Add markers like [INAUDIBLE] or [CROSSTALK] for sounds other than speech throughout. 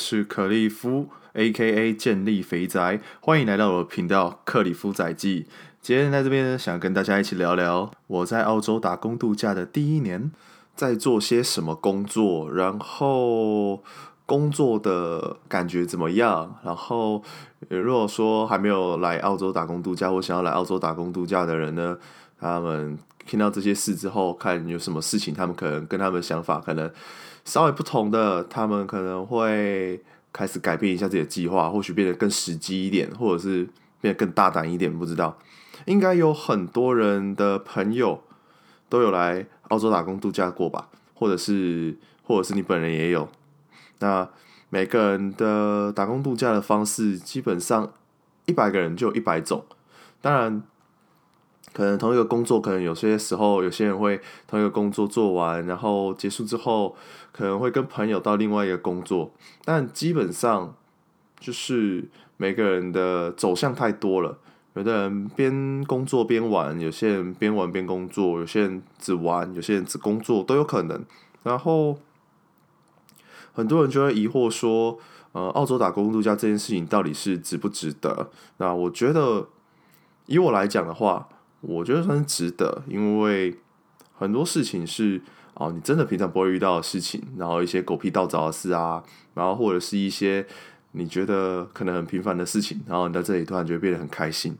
是克里夫，A.K.A. 健力肥宅，歡迎來到我的頻道《克里夫仔記》。今天在這邊呢，想跟大家一起聊聊我在澳洲打工度假的第一年，在做些什麼工作，然後工作的感覺怎麼樣。然後，如果說還沒有來澳洲打工度假，或想要來澳洲打工度假的人呢，他們聽到這些事之後，看有什麼事情，他們可能跟他們想法可能。稍微不同的，他們可能會開始改變一下自己的計劃，或許變得更實際一點，或者是變得更大膽一點，不知道。應該有很多人的朋友都有來澳洲打工度假過吧，或者是，或者是你本人也有。那每個人的打工度假的方式，基本上一百個人就有一百種。當然。可能同一個工作，可能有些時候有些人會同一個工作做完，然後結束之後，可能會跟朋友到另外一個工作。但基本上就是每個人的走向太多了。有的人邊工作邊玩，有些人邊玩邊工作，有些人只玩，有些人只工作，都有可能。然後很多人就會疑惑說，呃，澳洲打工度假這件事情到底是值不值得？那我覺得，以我來講的話。我覺得算是值得，因為很多事情是哦、啊，你真的平常不會遇到的事情，然後一些狗屁倒灶的事啊，然後或者是一些你覺得可能很平凡的事情，然後你在這裡突然就會變得很開心。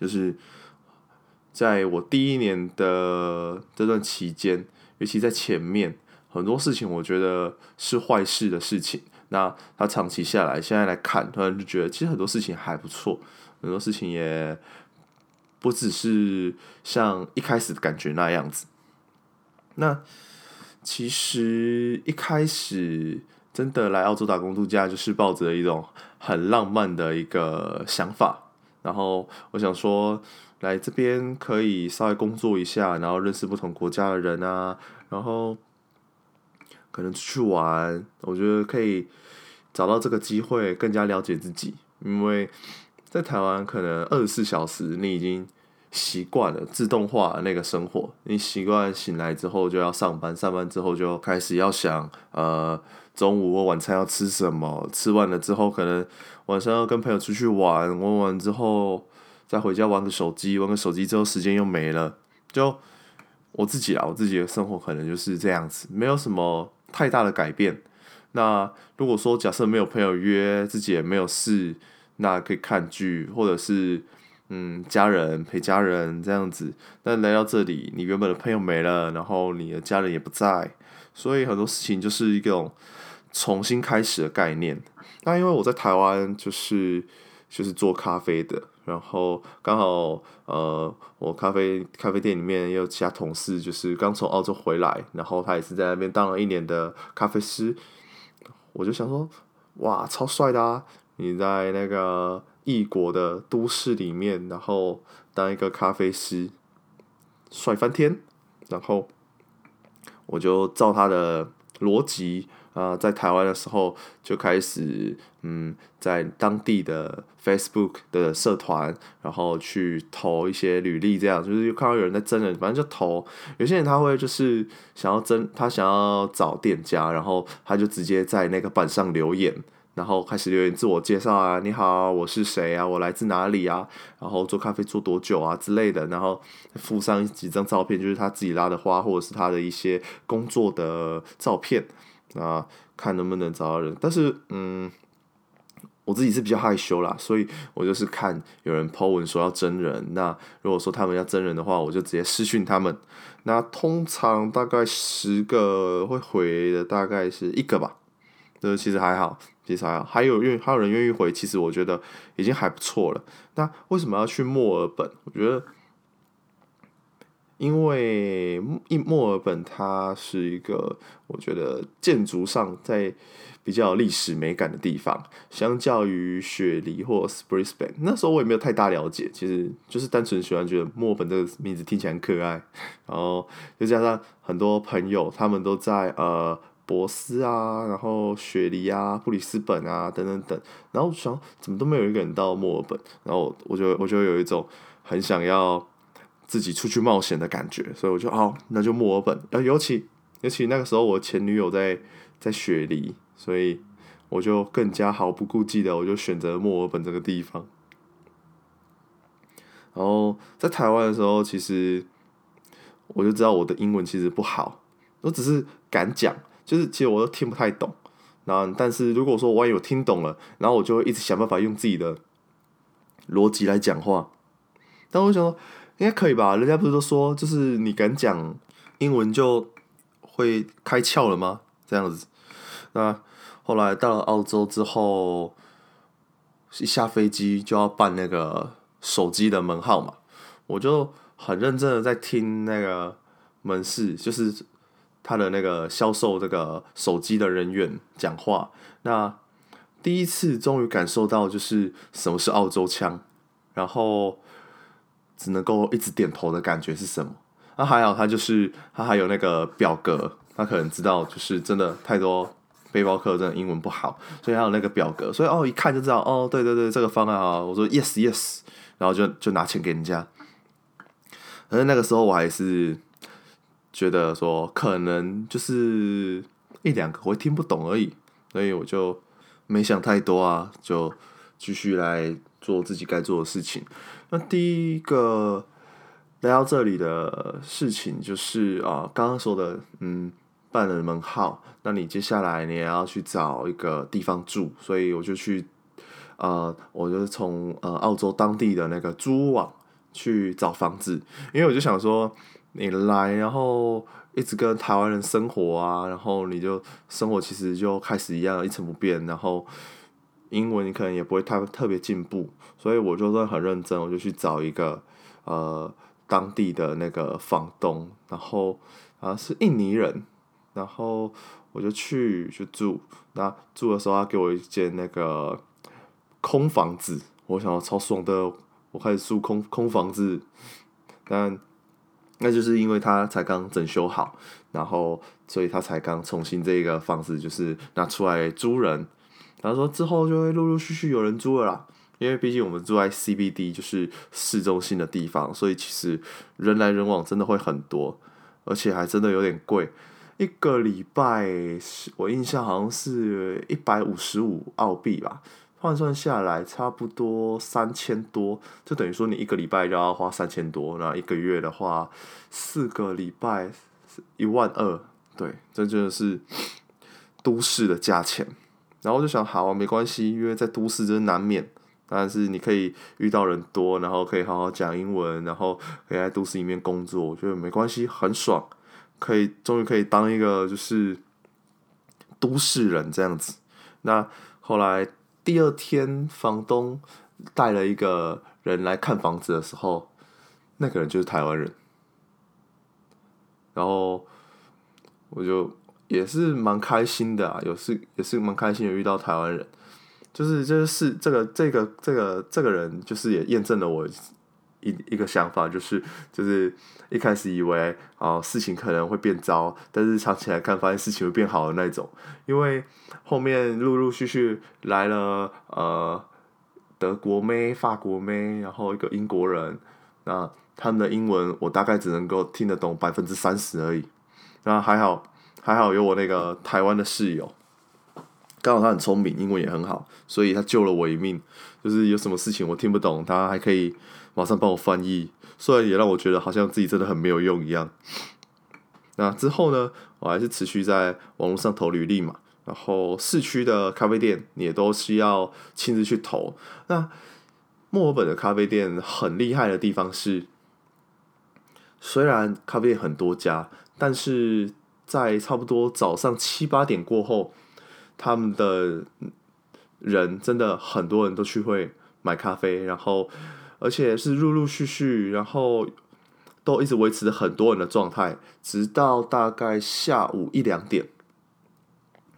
就是在我第一年的這段期間，尤其在前面，很多事情我覺得是壞事的事情。那他長期下來，現在來看，突然就覺得其實很多事情還不錯，很多事情也。不只是像一開始的感覺那樣子，那其實一開始真的來澳洲打工度假，就是抱着一種很浪漫的一個想法。然後我想說，來這邊可以稍微工作一下，然後認識不同國家的人啊，然後可能出去玩，我覺得可以找到這個機會，更加了解自己，因為。在台灣，可能二十四小時你已經習慣了自動化那個生活，你習慣醒來之後就要上班，上班之後就開始要想，呃，中午或晚餐要吃什麼，吃完了之後可能晚上要跟朋友出去玩，玩，玩完之後再回家玩個手機，玩個手機之後時間又沒了。就我自己啊，我自己的生活可能就是這樣子，沒有什麼太大的改變。那如果說假設沒有朋友約，自己也沒有事。那可以看劇，或者是，嗯，家人陪家人這樣子。但來到這裡，你原本的朋友沒了，然後你的家人也不在，所以很多事情就是一種重新開始的概念。那因為我在台灣就是就是做咖啡的，然後剛好呃，我咖啡咖啡店裡面也有其他同事，就是剛從澳洲回來，然後他也是在那邊當了一年的咖啡師，我就想說，哇，超帥的啊！你在那個異國的都市裡面，然後當一個咖啡師，帥翻天。然後我就照他的邏輯，啊、呃，在台灣的時候就開始，嗯，在當地的 Facebook 的社團，然後去投一些履歷，這樣就是又看到有人在徵人，反正就投。有些人他會就是想要徵，他想要找店家，然後他就直接在那個板上留言。然後開始留言自我介紹啊，你好，我是誰啊，我來自哪裡啊，然後做咖啡做多久啊之類的，然後附上幾張照片，就是他自己拉的花或者是他的一些工作的照片啊，看能不能找到人。但是，嗯，我自己是比較害羞啦，所以我就是看有人 po 文說要真人，那如果說他們要真人的話，我就直接私訊他們。那通常大概十個會回的，大概是一個吧，呃，就是，其實還好。其實還有願還有人願意回，其實我覺得已經還不錯了。那為什麼要去墨爾本？我覺得，因為墨爾本它是一個我覺得建築上在比較有歷史美感的地方，相較於雪梨或 Springbank。那時候我也沒有太大了解，其實就是單純喜歡覺得墨爾本這個名字聽起來很可愛，然後再加上很多朋友他們都在呃。博斯啊，然後雪梨啊，布里斯本啊，等等等。然後想怎麼都沒有一個人到墨爾本，然後我就我就有一種很想要自己出去冒險的感覺，所以我就哦，那就墨爾本。啊，尤其尤其那個時候，我前女友在在雪梨，所以我就更加毫不顧忌的，我就選擇墨爾本這個地方。然後在台灣的時候，其實我就知道我的英文其實不好，我只是敢講。就是，其實我都聽不太懂。然後但是如果說萬一我有聽懂了，然後我就會一直想辦法用自己的邏輯來講話。但我想說應該可以吧？人家不是都說，就是你敢講英文就會開竅了嗎？這樣子。那後來到了澳洲之後，一下飛機就要辦那個手機的門號嘛，我就很認真的在聽那個門市，就是。他的那個銷售這個手機的人員講話，那第一次終於感受到就是什麼是澳洲腔，然後只能夠一直點頭的感覺是什麼？那、啊、還好，他就是他還有那個表格，他可能知道就是真的太多背包客真的英文不好，所以他有那個表格，所以哦一看就知道哦，對對對，這個方案啊，我說 yes yes，然後就就拿錢給人家，可是那個時候我還是。覺得說可能就是一兩個會聽不懂而已，所以我就沒想太多啊，就繼續來做自己該做的事情。那第一個來到這裡的事情就是啊，剛、呃、剛說的嗯，辦了門號，那你接下來你也要去找一個地方住，所以我就去啊、呃，我就從呃澳洲當地的那個租網去找房子，因為我就想說。你來，然後一直跟台灣人生活啊，然後你就生活其實就開始一樣一成不變，然後英文你可能也不會太特別進步，所以我就很認真，我就去找一個呃當地的那個房東，然後啊是印尼人，然後我就去去住，那住的時候他給我一間那個空房子，我想要超爽的，我開始住空空房子，但。那就是因為他才剛整修好，然後所以他才剛重新這個房子就是拿出來租人，然後說，之後就會陸陸續續有人租了啦，因為畢竟我們住在 CBD 就是市中心的地方，所以其實人來人往真的會很多，而且還真的有點貴，一個禮拜我印象好像是一百五十五澳幣吧。換算下來差不多三千多，就等於說你一個禮拜就要花三千多，那一個月的話四個禮拜一萬二，對，這就是都市的價錢。然後我就想，好啊，沒關係，因為在都市真難免，但是你可以遇到人多，然後可以好好講英文，然後可以在都市裡面工作，我覺得沒關係，很爽，可以終於可以當一個就是都市人這樣子。那後來。第二天，房東帶了一個人來看房子的時候，那個人就是台灣人。然後我就也是蠻開心的啊，有是也是蠻開心的遇到台灣人，就是這是這個這個這個這個人，就是也驗證了我。一一個想法就是，就是一開始以為，啊、呃，事情可能會變糟，但是長期來看，發現事情會變好的那種。因為後面陸陸續續來了，呃，德國妹、法國妹，然後一個英國人，那他們的英文我大概只能夠聽得懂百分之三十而已。那還好，還好有我那個台灣的室友，剛好他很聰明，英文也很好，所以他救了我一命。就是有什麼事情我聽不懂，他還可以。馬上幫我翻譯。所以也讓我覺得好像自己真的很沒有用一樣。那之後呢，我還是持續在網絡上投履歷嘛。然後市區的咖啡店也都需要親自去投。那墨爾本的咖啡店很厲害的地方是，雖然咖啡店很多家，但是在差不多早上七八點過後，他們的人真的很多人都去會買咖啡，然後。而且是陸陸續續，然後都一直維持著很多人的狀態，直到大概下午一兩點，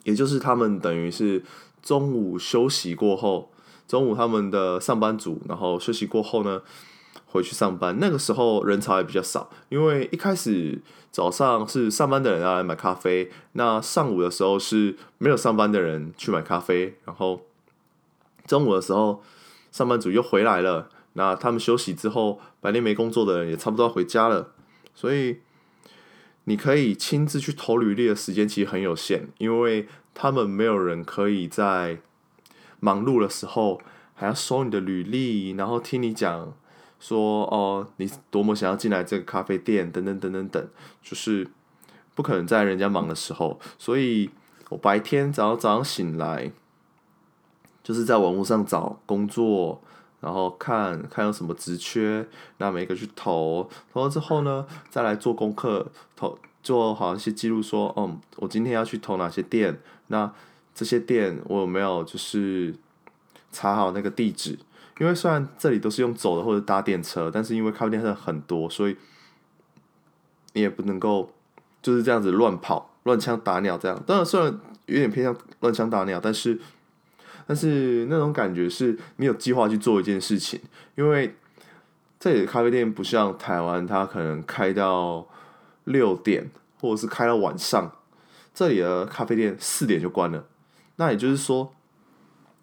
也就是他們等於是中午休息過後，中午他們的上班族，然後休息過後呢，回去上班。那個時候人潮也比較少，因為一開始早上是上班的人要來買咖啡，那上午的時候是沒有上班的人去買咖啡，然後中午的時候上班族又回來了。那他們休息之後，白天沒工作的人也差不多要回家了，所以你可以親自去投履歷的時間其實很有限，因為他們沒有人可以在忙碌的時候還要收你的履歷，然後聽你講說哦你多麼想要進來這個咖啡店等等等等等，就是不可能在人家忙的時候，所以我白天早上早上醒來就是在網絡上找工作。然後看看有什麼職缺，那每一個去投，投了之後呢，再來做功課，投做好一些記錄，說，嗯，我今天要去投哪些店，那這些店我有沒有就是查好那個地址，因為雖然這裡都是用走的或者搭電車，但是因為靠電車很多，所以你也不能夠就是這樣子亂跑、亂槍打鳥這樣。當然，雖然有點偏向亂槍打鳥，但是。但是那種感覺是沒有計劃去做一件事情，因為這裡的咖啡店不像台灣，它可能開到六點或者是開到晚上。這裡的咖啡店四點就關了，那也就是說，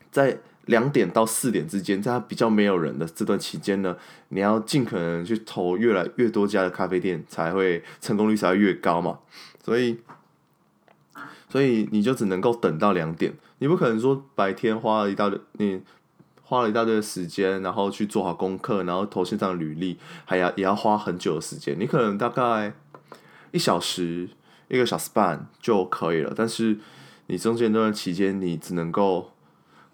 在兩點到四點之間，在它比較沒有人的這段期間呢，你要儘可能去投越來越多家的咖啡店，才會成功率才會越高嘛。所以，所以你就只能夠等到兩點。你不可能說白天花了一大堆，你花了一大堆的時間，然後去做好功課，然後投線上履歷，還要也要花很久的時間。你可能大概一小時、一個小時半就可以了。但是你中間那段期間，你只能夠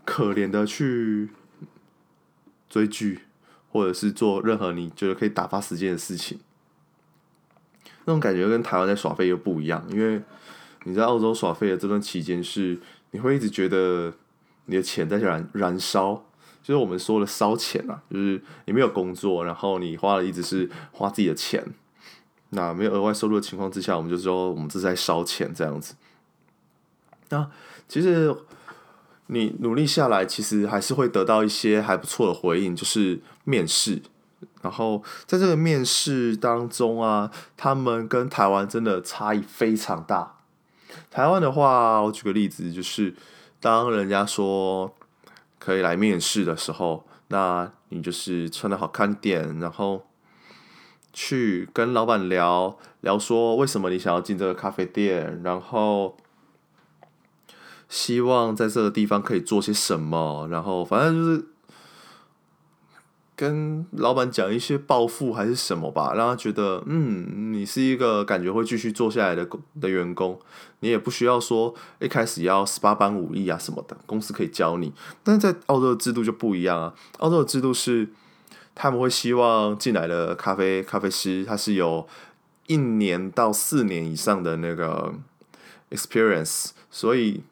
可憐的去追劇，或者是做任何你覺得可以打發時間的事情。那種感覺跟台灣在耍廢又不一樣，因為你在澳洲耍廢的這段期間是。你會一直覺得你的錢在燃燃燒，就是我們說的燒錢啊，就是你沒有工作，然後你花了一直是花自己的錢，那沒有額外收入的情況之下，我們就說我們這是在燒錢這樣子。那其實你努力下來，其實還是會得到一些還不錯的回應，就是面試。然後在這個面試當中啊，他們跟台灣真的差異非常大。台灣的話，我舉個例子，就是當人家說可以來面試的時候，那你就是穿得好看點，然後去跟老闆聊聊，聊說為什麼你想要進這個咖啡店，然後希望在這個地方可以做些什麼，然後反正就是。跟老闆講一些抱負還是什麼吧，讓他覺得嗯，你是一個感覺會繼續做下來的的員工，你也不需要說一開始要十八般武藝啊什麼的，公司可以教你。但在澳洲的制度就不一樣啊，澳洲的制度是他們會希望進來的咖啡咖啡師他是有一年到四年以上的那個 experience，所以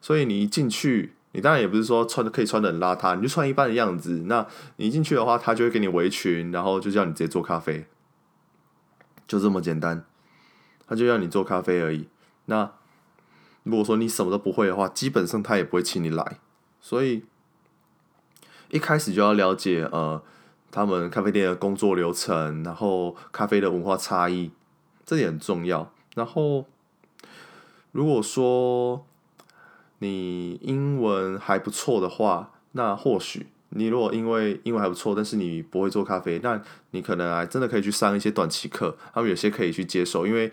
所以你一進去。你當然也不是說穿可以穿的很邋遢，你就穿一般的樣子。那你進去的話，他就會給你圍裙，然後就叫你直接做咖啡，就這麼簡單。他就要你做咖啡而已。那如果說你什麼都不會的話，基本上他也不會請你來。所以一開始就要了解，呃，他們咖啡店的工作流程，然後咖啡的文化差異，這點很重要。然後如果說。你英文還不錯的話，那或許你如果因為英文還不錯，但是你不會做咖啡，那你可能還真的可以去上一些短期課，還有些可以去接受，因為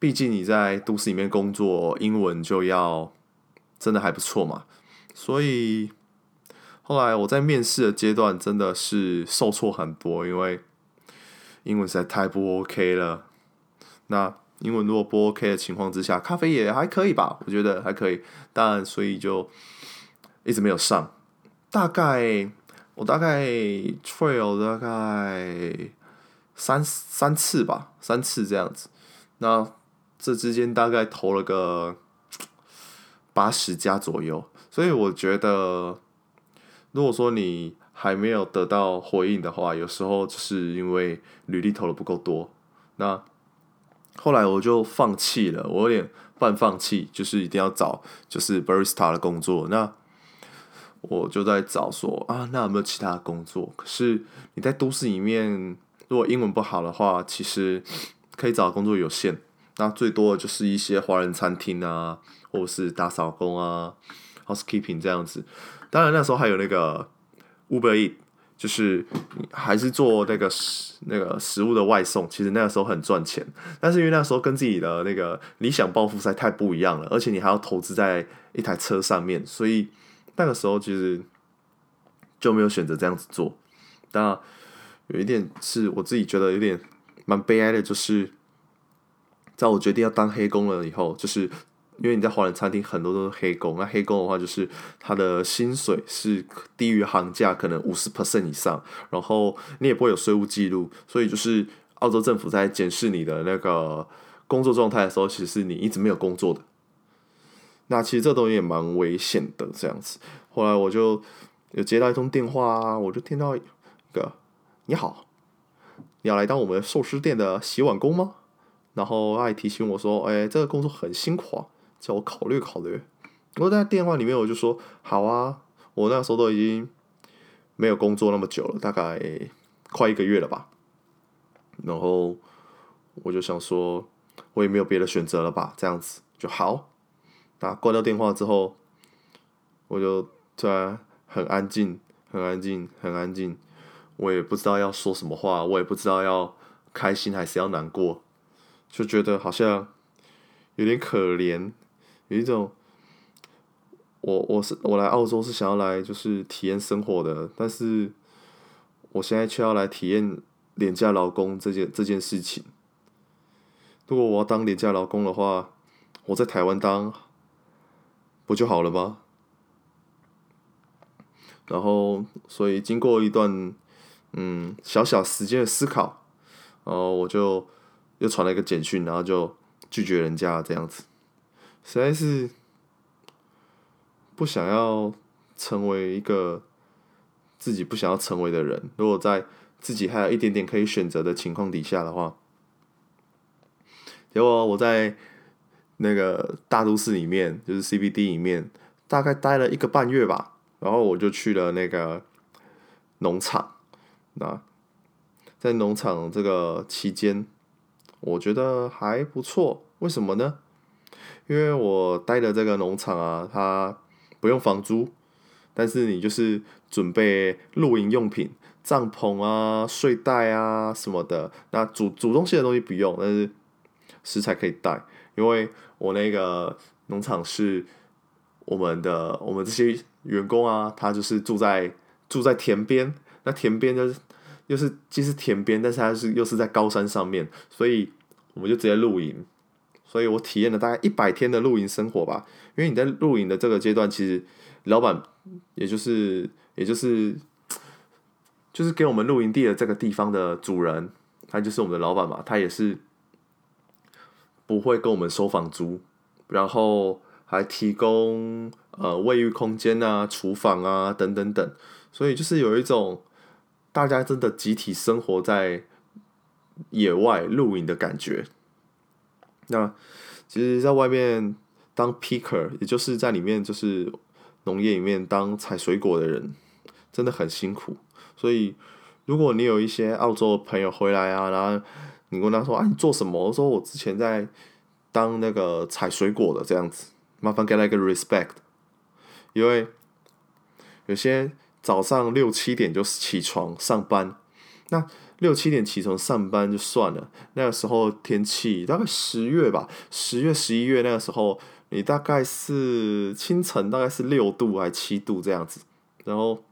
畢竟你在都市裡面工作，英文就要真的還不錯嘛。所以後來我在面試的階段真的是受挫很多，因為英文實在太不 OK 了。那因為如果不 OK 的情況之下，咖啡也還可以吧，我覺得還可以，但所以就一直沒有上。大概我大概 trail 大概三三次吧，三次這樣子。那這之間大概投了個八十家左右，所以我覺得，如果說你還沒有得到回應的話，有時候就是因為履歷投的不夠多，那。後來我就放棄了，我有點半放棄，就是一定要找就是 barista 的工作。那我就在找說啊，那有沒有其他的工作？可是你在都市裡面，如果英文不好的話，其實可以找的工作有限。那最多的就是一些華人餐廳啊，或是打掃工啊，housekeeping 這樣子。當然那時候還有那個 Uber Eat 就是還是做那個食那個食物的外送，其實那個時候很賺錢，但是因為那個時候跟自己的那個理想抱負太不一樣了，而且你還要投資在一台車上面，所以那個時候其實就沒有選擇這樣子做。但有一點是我自己覺得有點蠻悲哀的，就是在我決定要當黑工了以後，就是。因為你在華人餐廳很多都是黑工，那黑工的話就是他的薪水是低於行價，可能五十 percent 以上，然後你也不會有稅務記錄，所以就是澳洲政府在檢視你的那個工作狀態的時候，其實是你一直沒有工作的。那其實這東西也蠻危險的，這樣子。後來我就有接到一通電話，我就聽到一個，你好，你要來當我們壽司店的洗碗工嗎？然後他還提醒我說，哎、欸，這個工作很辛苦。叫我考慮考慮。我在電話裡面我就說：“好啊，我那時候都已經沒有工作那麼久了，大概快一個月了吧。”然後我就想說：“我也沒有別的選擇了吧？”這樣子就好。打掛掉電話之後，我就突然很安靜，很安靜，很安靜。我也不知道要說什麼話，我也不知道要開心還是要難過，就覺得好像有點可憐。有一種，我我是我來澳洲是想要來就是體驗生活的，但是我現在卻要來體驗廉價勞工這件這件事情。如果我要當廉價勞工的話，我在台灣當不就好了嗎？然後，所以經過一段嗯小小時間的思考，然後我就又傳了一個簡訊，然後就拒絕人家這樣子。實在是不想要成為一個自己不想要成為的人，如果在自己還有一點點可以選擇的情況底下的話，結果我在那個大都市裡面，就是 CBD 裡面，大概待了一個半月吧，然後我就去了那個農場。那在農場這個期間，我覺得還不錯，為什麼呢？因為我待的這個農場啊，它不用房租，但是你就是準備露營用品、帳篷啊、睡袋啊什麼的。那煮煮東西的東西不用，但是食材可以帶。因為我那個農場是我們的，我們這些員工啊，他就是住在住在田邊，那田邊就是又是既是田邊，但是它是又是在高山上面，所以我們就直接露營。所以我體驗了大概一百天的露營生活吧，因為你在露營的這個階段，其實老闆，也就是也就是，就是給我們露營地的這個地方的主人，他就是我們的老闆嘛，他也是不會跟我們收房租，然後還提供呃衛浴空間啊、廚房啊等等等，所以就是有一種大家真的集體生活在野外露營的感覺。那其實，在外面當 picker，也就是在裡面就是農業裡面當採水果的人，真的很辛苦。所以，如果你有一些澳洲的朋友回來啊，然後你問他說：“啊，你做什麼？”我說：“我之前在當那個採水果的這樣子。”麻煩給他一個 respect，因為有些早上六七點就起床上班，那。六七點起床上班就算了，那個時候天氣大概十月吧，十月十一月那個時候，你大概是清晨大概是六度還七度這樣子，然後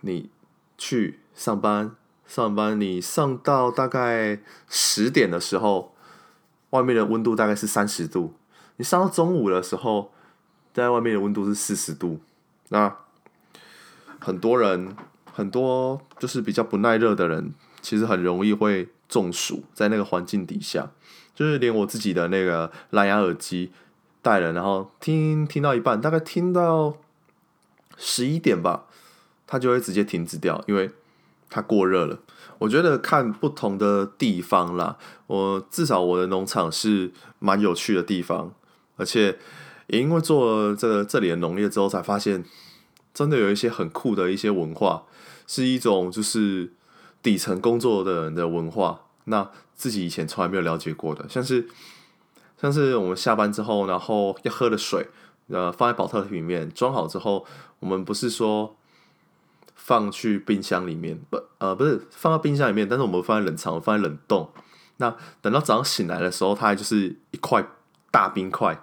你去上班，上班你上到大概十點的時候，外面的溫度大概是三十度，你上到中午的時候，在外面的溫度是四十度，那很多人。很多就是比較不耐熱的人，其實很容易會中暑，在那個環境底下，就是連我自己的那個藍牙耳機戴了，然後聽聽到一半，大概聽到十一點吧，它就會直接停止掉，因為它過熱了。我覺得看不同的地方啦，我至少我的農場是蠻有趣的地方，而且也因為做了這個、這裡的農業之後，才發現真的有一些很酷的一些文化。是一種就是底層工作的人的文化，那自己以前從來沒有了解過的，像是像是我們下班之後，然後要喝的水，呃，放在保特瓶裡面裝好之後，我們不是說放去冰箱裡面，不呃不是放到冰箱裡面，但是我們放在冷藏，放在冷凍。那等到早上醒來的時候，它還就是一塊大冰塊。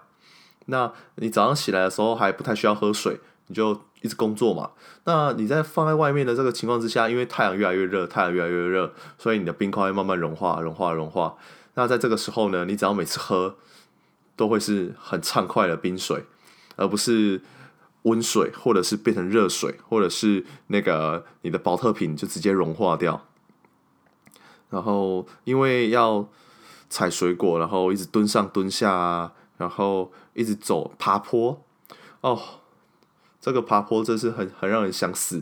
那你早上醒來的時候還不太需要喝水，你就。一直工作嘛，那你在放在外面的這個情況之下，因為太陽越來越熱，太陽越來越熱，所以你的冰塊會慢慢融化，融化，融化。那在這個時候呢，你只要每次喝，都會是很暢快的冰水，而不是溫水，或者是變成熱水，或者是那個你的保特瓶就直接融化掉。然後因為要採水果，然後一直蹲上蹲下，然後一直走爬坡，哦。這個爬坡真是很很讓人想死，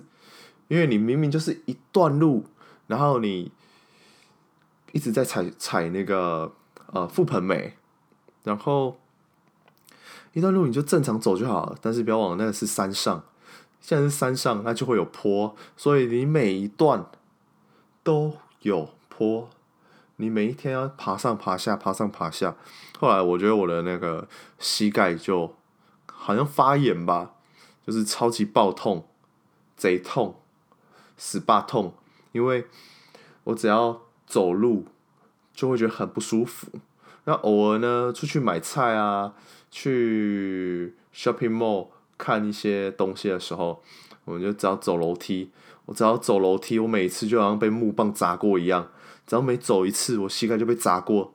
因為你明明就是一段路，然後你一直在踩踩那個呃覆盆莓，然後一段路你就正常走就好了，但是不要往那個是山上，現在是山上，那就會有坡，所以你每一段都有坡，你每一天要爬上爬下，爬上爬下。後來我覺得我的那個膝蓋就好像發炎吧。就是超級爆痛，賊痛，死爸痛！因為我只要走路就會覺得很不舒服。那偶爾呢，出去買菜啊，去 shopping mall 看一些東西的時候，我就只要走樓梯，我只要走樓梯，我每一次就好像被木棒砸過一樣，只要每走一次，我膝蓋就被砸過。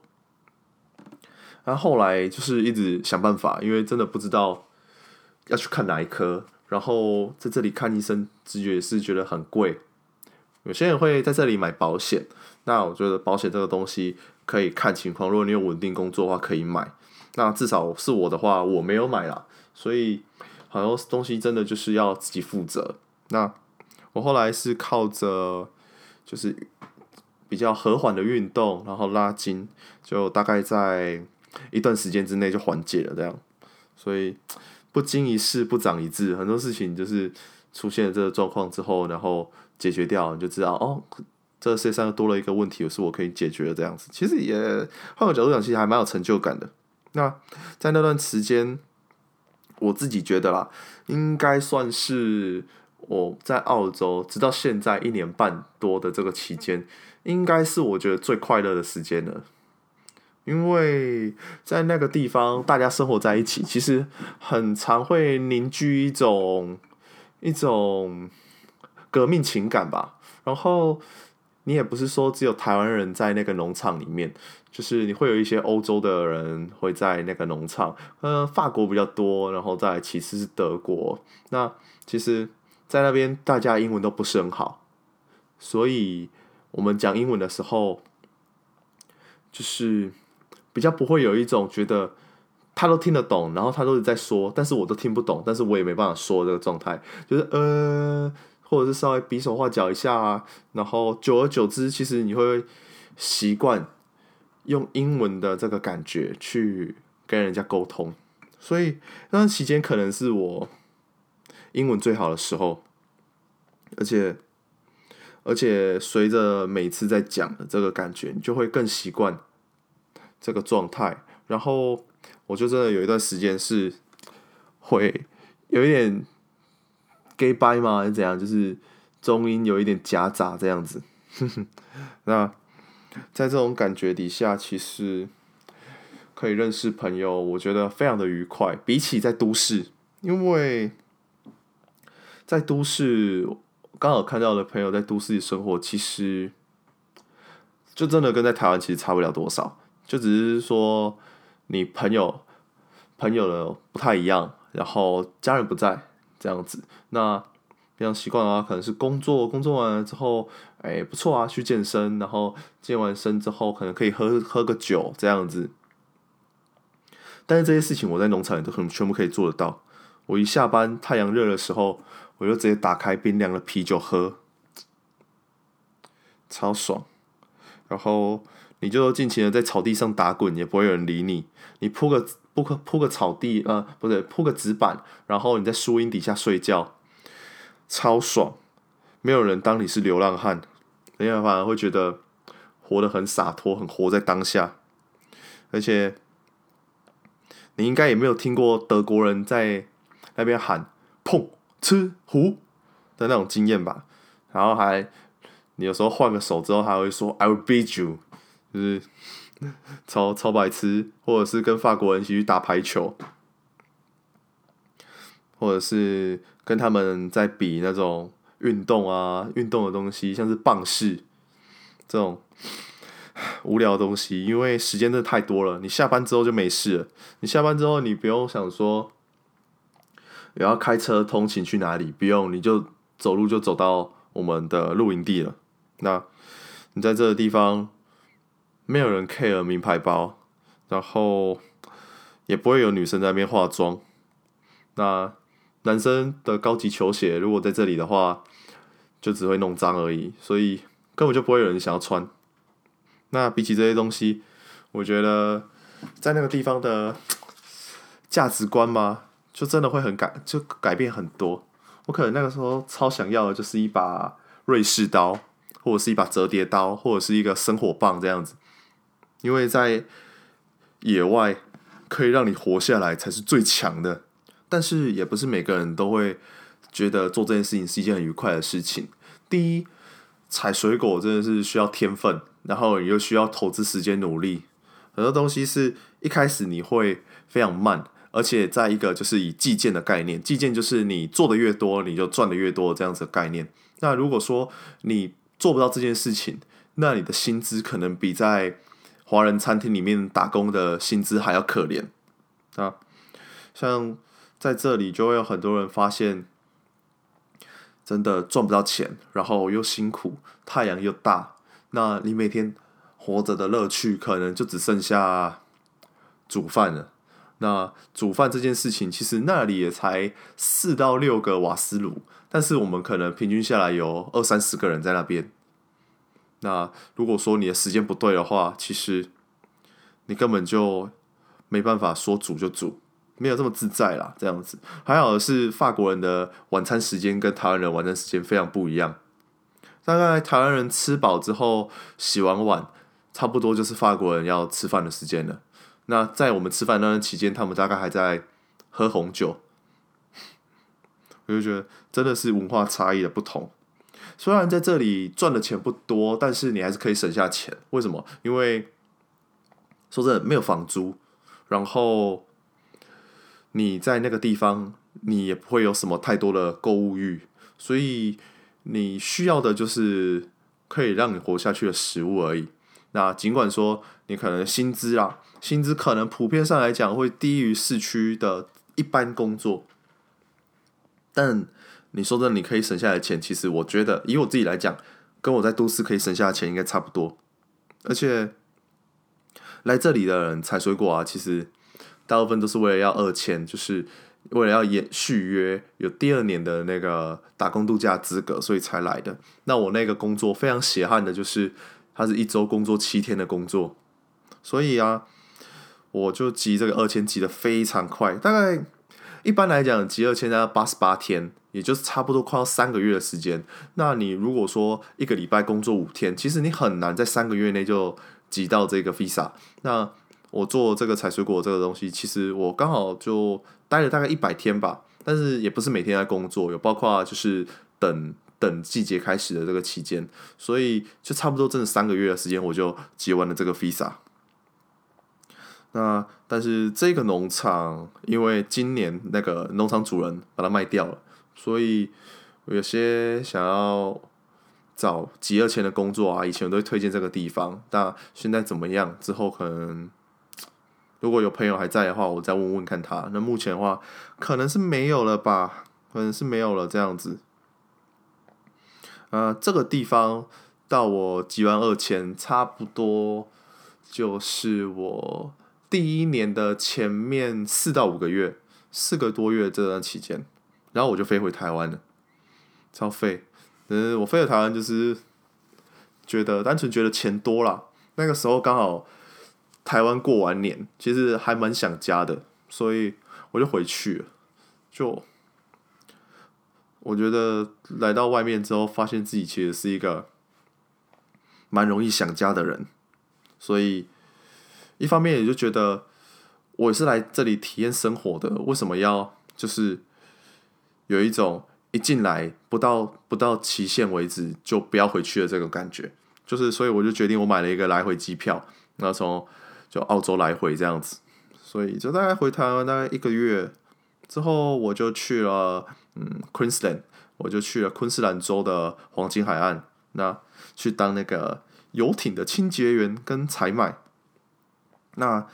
那、啊、後來就是一直想辦法，因為真的不知道。要去看哪一科，然後在這裡看醫生，直覺是覺得很貴。有些人會在這裡買保險，那我覺得保險這個東西可以看情況。如果你有穩定工作的話，可以買。那至少是我的話，我沒有買啦。所以好像東西真的就是要自己負責。那我後來是靠着就是比較和緩的運動，然後拉筋，就大概在一段時間之內就緩解了這樣，所以。不經一事不長一智，很多事情就是出現了這個狀況之後，然後解決掉，你就知道哦，這個世界上又多了一個問題，我是我可以解決的這樣子。其實也換個角度講，其實還蠻有成就感的。那在那段時間，我自己覺得啦，應該算是我在澳洲直到現在一年半多的這個期間，應該是我覺得最快樂的時間了。因為在那個地方，大家生活在一起，其實很常會凝聚一種一種革命情感吧。然後你也不是說只有台灣人在那個農場裡面，就是你會有一些歐洲的人會在那個農場，呃，法國比較多，然後再來其次是德國。那其實，在那邊大家英文都不是很好，所以我們講英文的時候，就是。比較不會有一種覺得他都聽得懂，然後他都在說，但是我都聽不懂，但是我也沒辦法說這個狀態，就是呃，或者是稍微比手畫腳一下啊，然後久而久之，其實你會習慣用英文的這個感覺去跟人家溝通，所以那段期間可能是我英文最好的時候，而且而且隨着每次在講的這個感覺，你就會更習慣。這個狀態，然後我就真的有一段時間是會有一點假掰嘛，還是怎樣？就是中英有一點夾雜這樣子。哼哼，那在這種感覺底下，其實可以認識朋友，我覺得非常的愉快。比起在都市，因為在都市我剛好看到的朋友在都市裡生活，其實就真的跟在台灣其實差不了多少。就只是說，你朋友朋友的不太一樣，然後家人不在這樣子。那平常習慣的話，可能是工作工作完了之後，哎、欸，不錯啊，去健身，然後健完身之後，可能可以喝喝個酒這樣子。但是這些事情我在農場裡都可能全部可以做得到。我一下班，太陽熱的時候，我就直接打開冰涼的啤酒喝，超爽。然後。你就盡情的在草地上打滾，也不會有人理你。你鋪個鋪個鋪個草地，呃，不對，鋪個紙板，然後你在樹蔭底下睡覺，超爽，沒有人當你是流浪漢，人家反而會覺得活得很灑脫，很活在當下。而且，你應該也沒有聽過德國人在那邊喊“碰吃糊”的那種經驗吧？然後還，你有時候換個手之後，還會說 “I will beat you”。就是超超白痴，或者是跟法國人一起去打排球，或者是跟他們在比那種運動啊、運動的東西，像是棒式這種無聊的東西。因為時間真的太多了，你下班之後就沒事了，你下班之後，你不用想說，然後開車通勤去哪裡，不用，你就走路就走到我們的露營地了。那你在這個地方。沒有人 care 名牌包，然後也不會有女生在那邊化妝。那男生的高級球鞋，如果在這裡的話，就只會弄髒而已，所以根本就不會有人想要穿。那比起這些東西，我覺得在那個地方的價值觀嘛，就真的會很改，就改變很多。我可能那個時候超想要的就是一把瑞士刀，或者是一把折疊刀，或者是一個生火棒這樣子。因為在野外可以讓你活下來才是最強的，但是也不是每個人都會覺得做這件事情是一件很愉快的事情。第一，採水果真的是需要天分，然後你又需要投資時間努力，很多東西是一開始你會非常慢，而且再一個就是以計件的概念，計件就是你做的越多你就賺的越多這樣子的概念。那如果說你做不到這件事情，那你的薪資可能比在華人餐廳裡面打工的薪資還要可憐，啊，像在這裡就會有很多人發現，真的賺不到錢，然後又辛苦，太陽又大，那你每天活着的樂趣可能就只剩下煮飯了。那煮飯這件事情，其實那裡也才四到六個瓦斯爐，但是我們可能平均下來有二三十個人在那邊。那如果說你的時間不對的話，其實你根本就沒辦法說煮就煮，沒有這麼自在啦，這樣子。還好是法國人的晚餐時間跟台灣人的晚餐時間非常不一樣。大概台灣人吃飽之後洗完碗，差不多就是法國人要吃飯的時間了。那在我們吃飯的那段期間，他們大概還在喝紅酒。我就覺得真的是文化差異的不同。雖然在這裡賺的錢不多，但是你還是可以省下錢。為什麼？因為說真的，沒有房租，然後你在那個地方，你也不會有什麼太多的購物慾，所以你需要的就是可以讓你活下去的食物而已。那儘管說你可能薪資啊，薪資可能普遍上來講會低於市區的一般工作，但。你說真的，你可以省下來錢。其實我覺得，以我自己來講，跟我在都市可以省下的錢應該差不多。而且來這裡的人採水果啊，其實大部分都是為了要二簽，就是為了要延續約，有第二年的那個打工度假資格，所以才來的。那我那個工作非常血汗的，就是他是一周工作七天的工作，所以啊，我就集這個二簽集得非常快，大概一般來講集二簽要八十八天。也就是差不多快要三個月的時間。那你如果說一個禮拜工作五天，其實你很難在三個月內就集到這個 visa。那我做這個採水果這個東西，其實我剛好就待了大概一百天吧，但是也不是每天在工作，有包括就是等等季節開始的這個期間，所以就差不多真的三個月的時間我就集完了這個 visa。那但是這個農場因為今年那個農場主人把它賣掉了。所以有些想要找集二簽的工作啊，以前我都會推薦這個地方。但現在怎麼樣？之後可能如果有朋友還在的話，我再問問看他。那目前的話，可能是沒有了吧？可能是沒有了這樣子。呃，這個地方到我集完二簽，差不多就是我第一年的前面四到五個月，四個多月這段期間。然後我就飛回台灣了，超飛。嗯，我飛回台灣就是覺得單純覺得錢多了。那個時候剛好台灣過完年，其實還蠻想家的，所以我就回去了。就我覺得來到外面之後，發現自己其實是一個蠻容易想家的人，所以一方面也就覺得我也是來這裡體驗生活的，為什麼要就是。有一種一進來不到不到期限為止就不要回去的這種感覺，就是所以我就決定我買了一個來回機票，那從就澳洲來回這樣子，所以就大概回台灣大概一個月之後，我就去了嗯，昆士蘭，我就去了昆士蘭州的黃金海岸，那去當那個遊艇的清潔員跟採買，那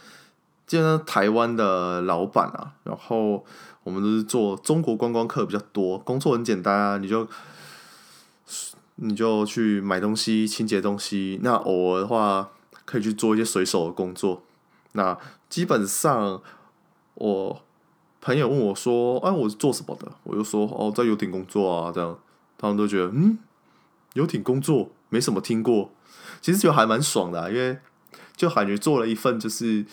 見了台灣的老板啊，然後。我們都是做中國觀光客比較多，工作很簡單啊，你就你就去買東西、清潔東西。那偶爾的話，可以去做一些水手的工作。那基本上，我朋友問我說：“啊，我是做什麼的？”我就說：“哦，在游艇工作啊。”這樣，他們都覺得嗯，游艇工作沒什麼聽過。其實就還蠻爽的啊，因為就感覺做了一份就是。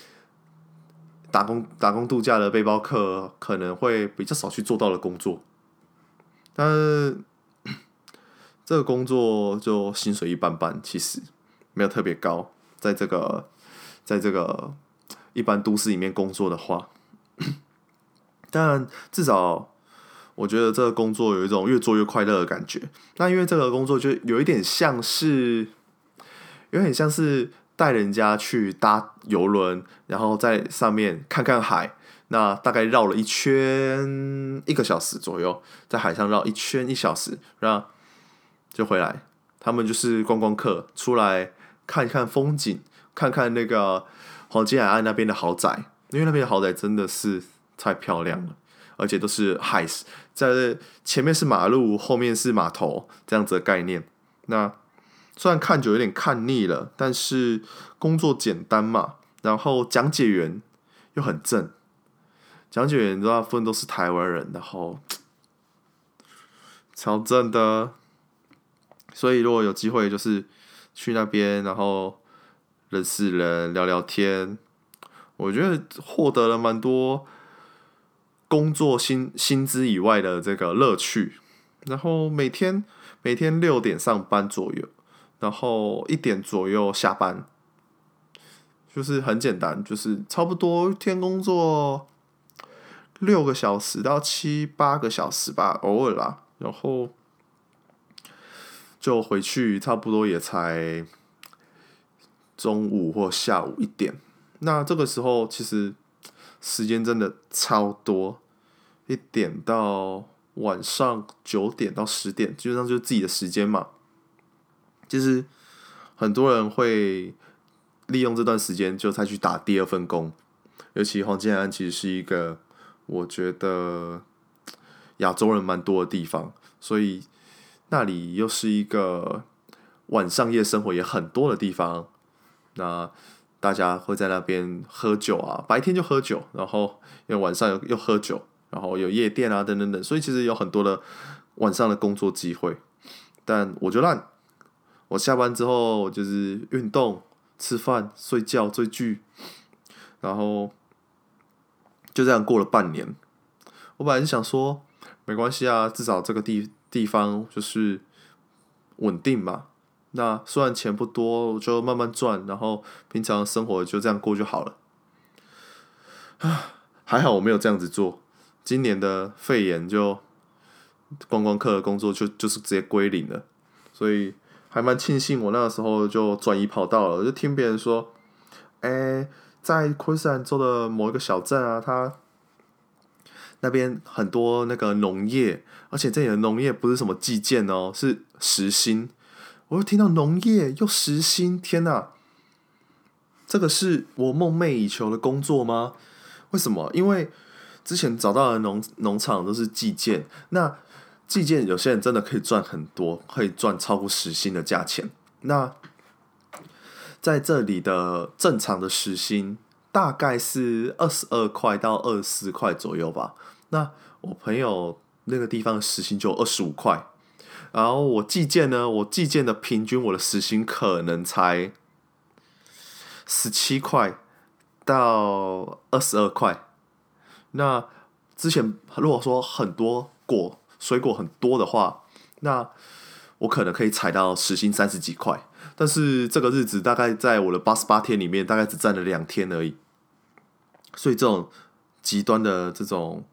打工，打工度假的背包客可能會比較少去做到的工作，但這個工作就薪水一般般，其實沒有特別高。在這個在這個一般都市裡面工作的話，但至少我覺得這個工作有一種越做越快樂的感覺。那因為這個工作就有一點像是，有點像是。帶人家去搭遊輪，然後在上面看看海。那大概繞了一圈，一個小時左右，在海上繞一圈一小時，然後就回來。他們就是逛逛客，出來看一看風景，看看那個黃金海岸那邊的豪宅，因為那邊的豪宅真的是太漂亮了，而且都是海，是，在前面是馬路，後面是碼頭這樣子的概念。那。雖然看久有點看膩了，但是工作簡單嘛。然後講解員又很正，講解員大部分都是台灣人，然後超正的。所以如果有機會，就是去那邊，然後認識人聊聊天，我覺得獲得了蠻多工作薪薪資以外的這個樂趣。然後每天每天六點上班左右，然後一點左右下班，就是很簡單，就是差不多一天工作六個小時到七八個小時吧，偶爾啦。然後就回去，差不多也才中午或下午一點。那這個時候其實時間真的超多，一點到晚上九點到十點，基本上就是自己的時間嘛。其實很多人會利用這段時間就再去打第二份工，尤其黃金海岸其實是一個我覺得亞洲人蠻多的地方，所以那裡又是一個晚上夜生活也很多的地方。那大家會在那邊喝酒啊，白天就喝酒，然後因為晚上又喝酒，然後有夜店啊等等等，所以其實有很多的晚上的工作機會。但我覺得。我下班之後就是運動、吃飯、睡覺、追劇，然後就這樣過了半年。我本來是想說沒關係啊，至少這個地地方就是穩定嘛。那雖然錢不多，就慢慢賺，然後平常生活就這樣過就好了。啊，還好我沒有這樣子做。今年的肺炎就觀光客的工作就就是直接歸零了，所以。還蠻慶幸，我那個時候就轉移跑道了。我就聽別人說，哎、欸，在昆士蘭州的某一個小鎮啊，它那邊很多那個農業，而且這裡的農業不是什麼計件哦，是時薪。我又聽到農業又時薪，天哪！這個是我夢寐以求的工作嗎？為什麼？因為之前找到的農農場都是計件，那。寄件，有些人真的可以賺很多，可以賺超過時薪的價錢。那在這裡的正常的時薪大概是二十二塊到二十四塊左右吧。那我朋友那個地方時薪就二十五塊，然後我寄件呢，我寄件的平均我的時薪可能才十七塊到二十二塊。那之前如果說很多果。水果很多的話，那我可能可以採到時薪三十幾塊。但是這個日子大概在我的八十八天裡面，大概只占了兩天而已。所以這種極端的這種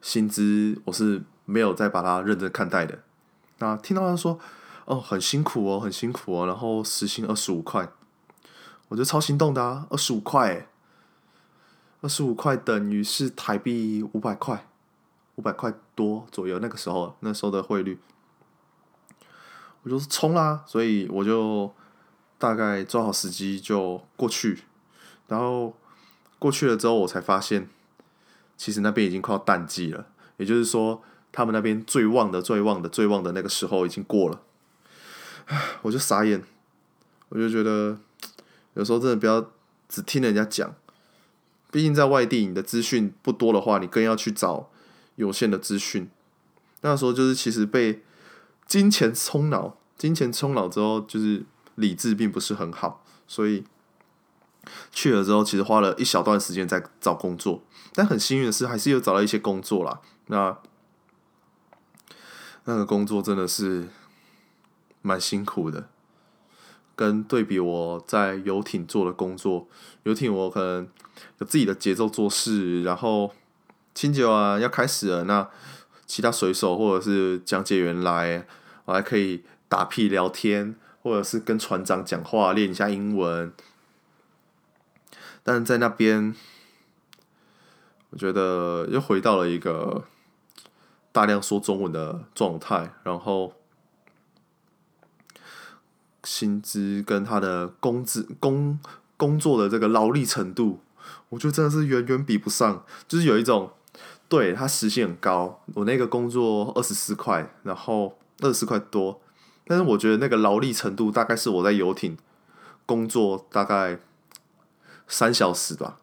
薪資，我是沒有再把它認真看待的。那聽到他說：“哦，很辛苦哦，很辛苦哦。”然後時薪二十五塊，我就超心動的啊！二十五塊、欸，二十五塊等於是台幣五百塊。五百塊多左右，那個時候那時候的匯率，我就是衝啦、啊，所以我就大概抓好時機就過去。然後過去了之後，我才發現，其實那邊已經快要淡季了，也就是說，他們那邊最旺的、最旺的、最旺的那個時候已經過了。唉，我就傻眼，我就覺得有時候真的不要只聽人家講，畢竟在外地你的資訊不多的話，你更要去找。有限的資訊，那時候就是其實被金錢沖腦，金錢沖腦之後，就是理智並不是很好。所以去了之後，其實花了一小段時間在找工作，但很幸運的是，還是又找到一些工作啦。那那個工作真的是蠻辛苦的，跟對比我在遊艇做的工作，遊艇我可能有自己的節奏做事，然後。清酒啊，要開始了。那其他水手或者是講解員來，我還可以打屁聊天，或者是跟船長講話，練一下英文。但是在那邊，我覺得又回到了一個大量說中文的狀態，然後薪資跟他的工資工工作的這個勞力程度，我覺得真的是遠遠比不上，就是有一種。對，它時薪很高，我那個工作二十四塊，然後二十四塊多，但是我覺得那個勞力程度大概是我在游艇工作大概三小時吧，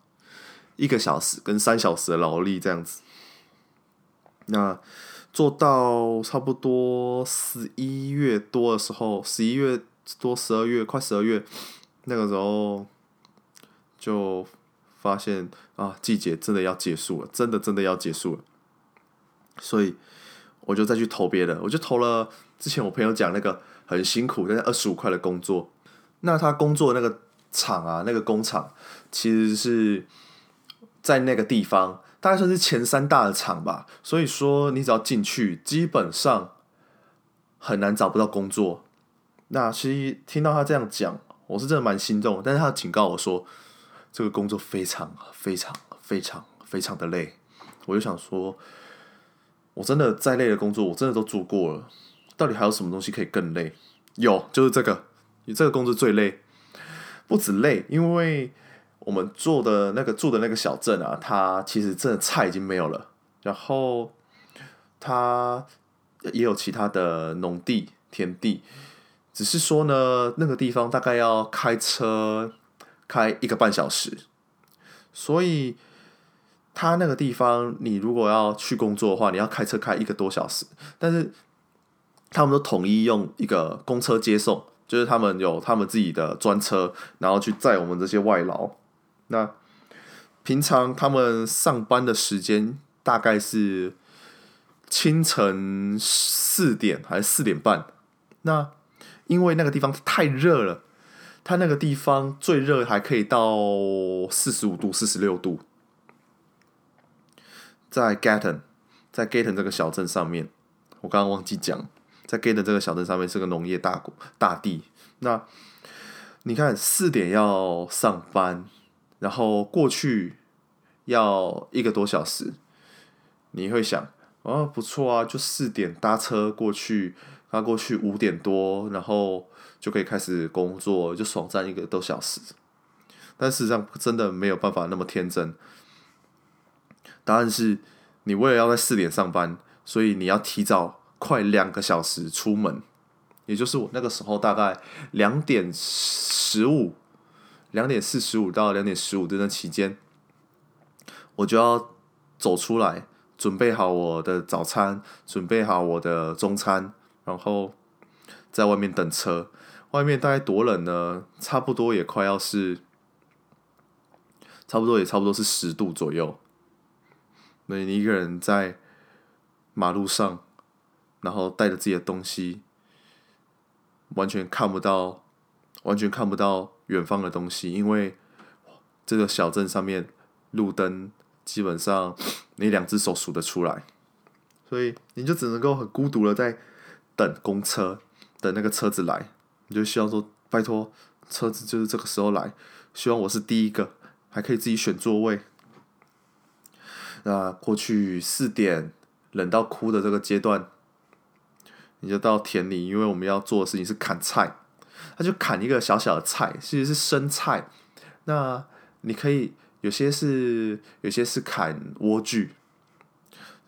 一個小時跟三小時的勞力這樣子。那做到差不多十一月多的時候，十一月多十二月，快十二月，那個時候就。發現啊，季節真的要結束了，真的真的要結束了，所以我就再去投別的，我就投了之前我朋友講那個很辛苦但是二十五塊的工作。那他工作的那個廠啊，那個工廠其實是，在那個地方大概算是前三大的廠吧。所以說你只要進去，基本上很難找不到工作。那其實聽到他這樣講，我是真的蠻心動，但是他警告我說。這個工作非常非常非常非常的累，我就想說，我真的再累的工作，我真的都做過了，到底還有什麼東西可以更累？有，就是這個，你這個工作最累，不止累，因為我們做的那個住的那個小鎮啊，它其實真的菜已經沒有了，然後它也有其他的農地田地，只是說呢，那個地方大概要開車。開一個半小時，所以他那個地方，你如果要去工作的話，你要開車開一個多小時。但是他們都統一用一個公車接送，就是他們有他們自己的專車，然後去載我們這些外勞。那平常他們上班的時間大概是清晨四點還是四點半？那因為那個地方太熱了。它那個地方最熱還可以到四十五度、四十六度，在 Gaton，在 Gaton 這個小鎮上面，我剛剛忘記講，在 Gaton 這個小鎮上面是個農業大國、大地。那你看四點要上班，然後過去要一個多小時，你會想啊、哦，不錯啊，就四點搭車過去。那過去五點多，然後就可以開始工作，就爽站一個多小時。但事實上，真的沒有辦法那麼天真。答案是你為了要在四點上班，所以你要提早快兩個小時出門，也就是我那個時候大概兩點十五、兩點四十五到兩點十五的那期間，我就要走出來，準備好我的早餐，準備好我的中餐。然後在外面等車，外面大概多冷呢？差不多也快要是，差不多也差不多是十度左右。那你一個人在馬路上，然後帶着自己的東西，完全看不到，完全看不到遠方的東西，因為這個小鎮上面路燈基本上你兩隻手數得出來，所以你就只能夠很孤獨的在。等公車，等那個車子來，你就希望說，拜托車子就是這個時候來，希望我是第一個，還可以自己選座位。那過去四點冷到哭的這個階段，你就到田裡，因為我們要做的事情是砍菜，他就砍一個小小的菜，其實是生菜。那你可以有些是有些是砍萵苣，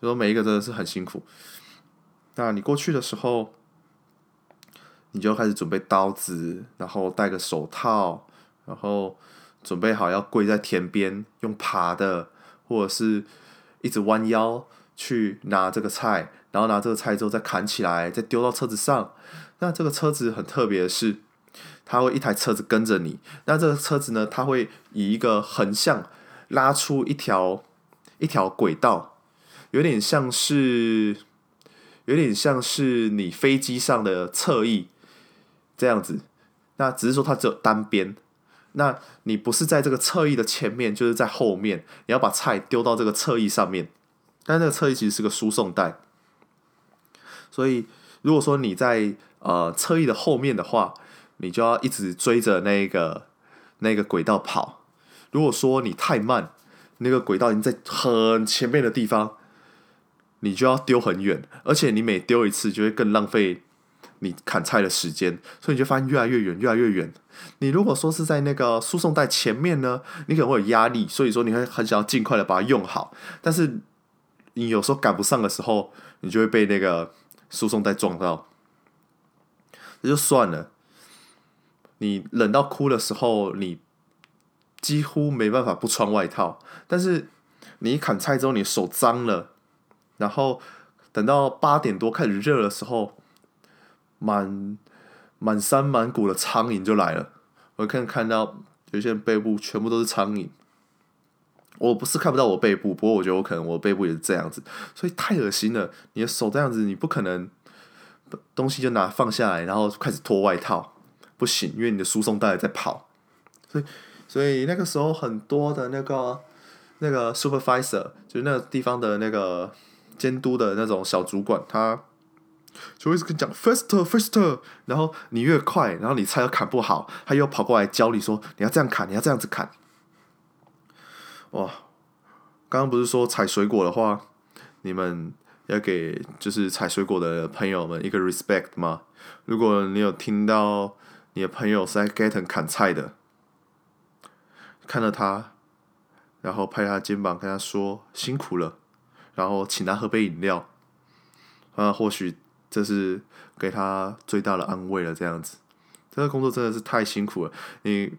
所以說每一個真的是很辛苦。那你過去的時候，你就開始準備刀子，然後戴個手套，然後準備好要跪在田邊，用爬的，或者是一直彎腰去拿這個菜，然後拿這個菜之後再砍起來，再丟到車子上。那這個車子很特別的是，它會一台車子跟着你。那這個車子呢，它會以一個橫向拉出一條一條軌道，有點像是。有點像是你飛機上的側翼這樣子，那只是說它只有單邊，那你不是在這個側翼的前面，就是在後面，你要把菜丟到這個側翼上面，但那個側翼其實是個輸送帶，所以如果說你在呃側翼的後面的話，你就要一直追着那個那個軌道跑，如果說你太慢，那個軌道已經在很前面的地方。你就要丟很遠，而且你每丟一次就會更浪費你砍菜的時間，所以你就發現越來越遠，越來越遠。你如果說是在那個輸送帶前面呢，你可能會有壓力，所以說你會很想要盡快的把它用好。但是你有時候趕不上的時候，你就會被那個輸送帶撞到，那就算了。你冷到哭的時候，你幾乎沒辦法不穿外套，但是你砍菜之後，你手髒了。然後等到八點多開始熱的時候，滿滿山滿谷的蒼蠅就來了。我看看到，有些人背部全部都是蒼蠅。我不是看不到我背部，不過我覺得我可能我背部也是這樣子，所以太噁心了。你的手這樣子，你不可能東西就拿放下來，然後就開始脫外套，不行，因為你的輸送帶在跑。所以，所以那個時候很多的那個那個 supervisor，就是那個地方的那個。監督的那種小主管，他就一直跟你講 “faster, faster”，然後你越快，然後你菜又砍不好，他又跑過來教你說：“你要這樣砍，你要這樣子砍。”哇！剛剛不是說採水果的話，你們要給就是採水果的朋友們一個 respect 嗎？如果你有聽到你的朋友是在 Gatton 砍菜的，看到他，然後拍他肩膀，跟他說：“辛苦了。”然後請他喝杯飲料，啊，或許這是給他最大的安慰了。這樣子，這個工作真的是太辛苦了。你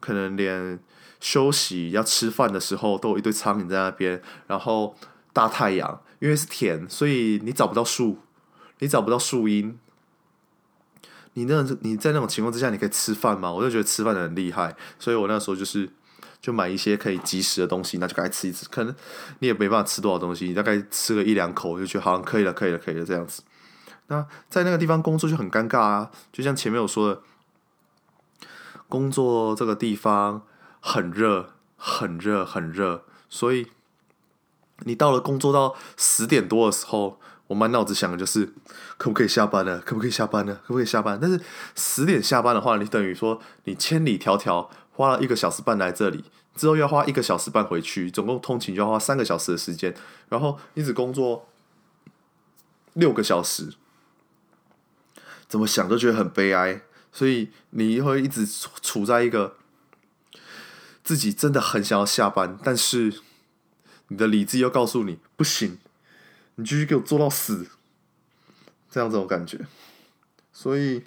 可能連休息要吃飯的時候都有一堆蒼蠅在那邊，然後大太陽，因為是田，所以你找不到樹，你找不到樹蔭。你那你在那種情況之下，你可以吃飯嗎？我就覺得吃飯很厲害，所以我那時候就是。就買一些可以即食的東西，那就趕快吃一吃。可能你也沒辦法吃多少東西，你大概吃個一兩口就覺得好像可以了，可以了，可以了這樣子。那在那個地方工作就很尷尬啊，就像前面我說的，工作這個地方很熱，很熱，很熱，所以你到了工作到十點多的時候，我滿腦子想的就是可不可以下班了，可不可以下班了，可不可以下班？但是十點下班的話，你等於說你千里迢迢。花了一個小時半來這裡，之後又要花一個小時半回去，總共通勤就要花三個小時的時間。然後一直工作六個小時，怎麼想都覺得很悲哀。所以你會一直處在一個自己真的很想要下班，但是你的理智又告訴你不行，你繼續給我做到死，這樣這種感覺。所以，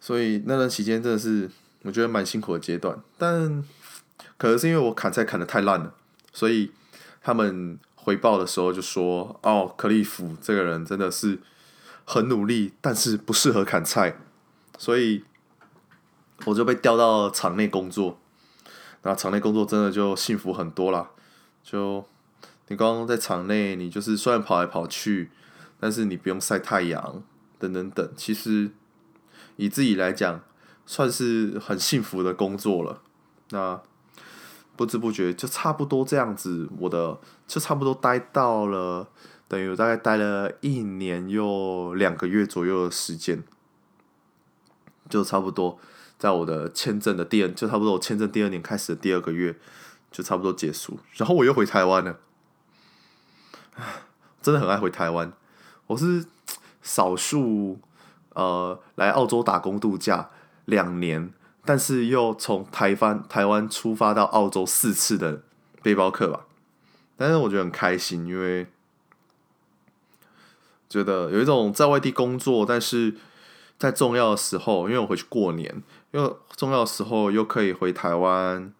所以那段期間真的是。我覺得蠻辛苦的階段，但可能是因為我砍菜砍得太爛了，所以他們回報的時候就說：“哦，克利夫這個人真的是很努力，但是不適合砍菜。”所以我就被調到場內工作。那場內工作真的就幸福很多啦。就你剛剛在場內，你就是雖然跑來跑去，但是你不用曬太陽，等等等。其實以自己來講，算是很幸福的工作了。那不知不覺就差不多這樣子，我的就差不多待到了，等於我大概待了一年又兩個月左右的時間，就差不多在我的簽證的第二，就差不多我簽證第二年開始的第二個月，就差不多結束。然後我又回台灣了，真的很愛回台灣。我是少數呃來澳洲打工度假。兩年，但是又從台灣台灣出發到澳洲四次的背包客吧，但是我覺得很開心，因為覺得有一種在外地工作，但是在重要的時候，因為我回去過年，因為重要的時候又可以回台灣，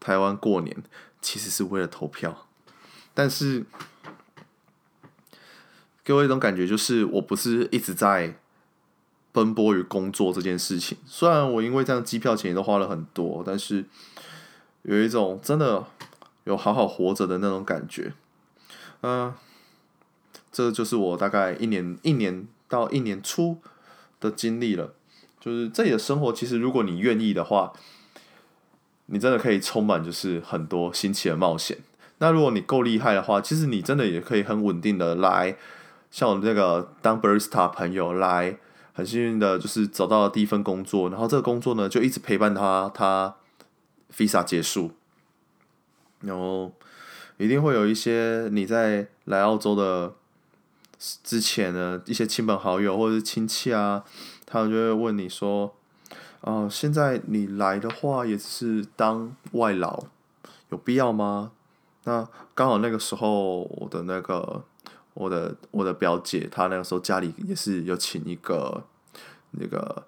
台灣過年其實是為了投票，但是給我一種感覺，就是我不是一直在。奔波於工作這件事情，雖然我因為這樣機票錢也都花了很多，但是有一種真的有好好活着的那種感覺。嗯、呃，這就是我大概一年一年到一年初的經歷了。就是這裡的生活，其實如果你願意的話，你真的可以充滿就是很多新奇的冒險。那如果你夠厲害的話，其實你真的也可以很穩定的來，像我那個當 barista 朋友來。很幸運的，就是找到了第一份工作，然後這個工作呢就一直陪伴他，他 visa 結束，然後一定會有一些你在來澳洲的之前的一些親朋好友或者是親戚啊，他們就會問你說，啊、呃，現在你來的話也是當外勞，有必要嗎？那剛好那個時候我的那個。我的我的表姐，她那個時候家裡也是有請一個那個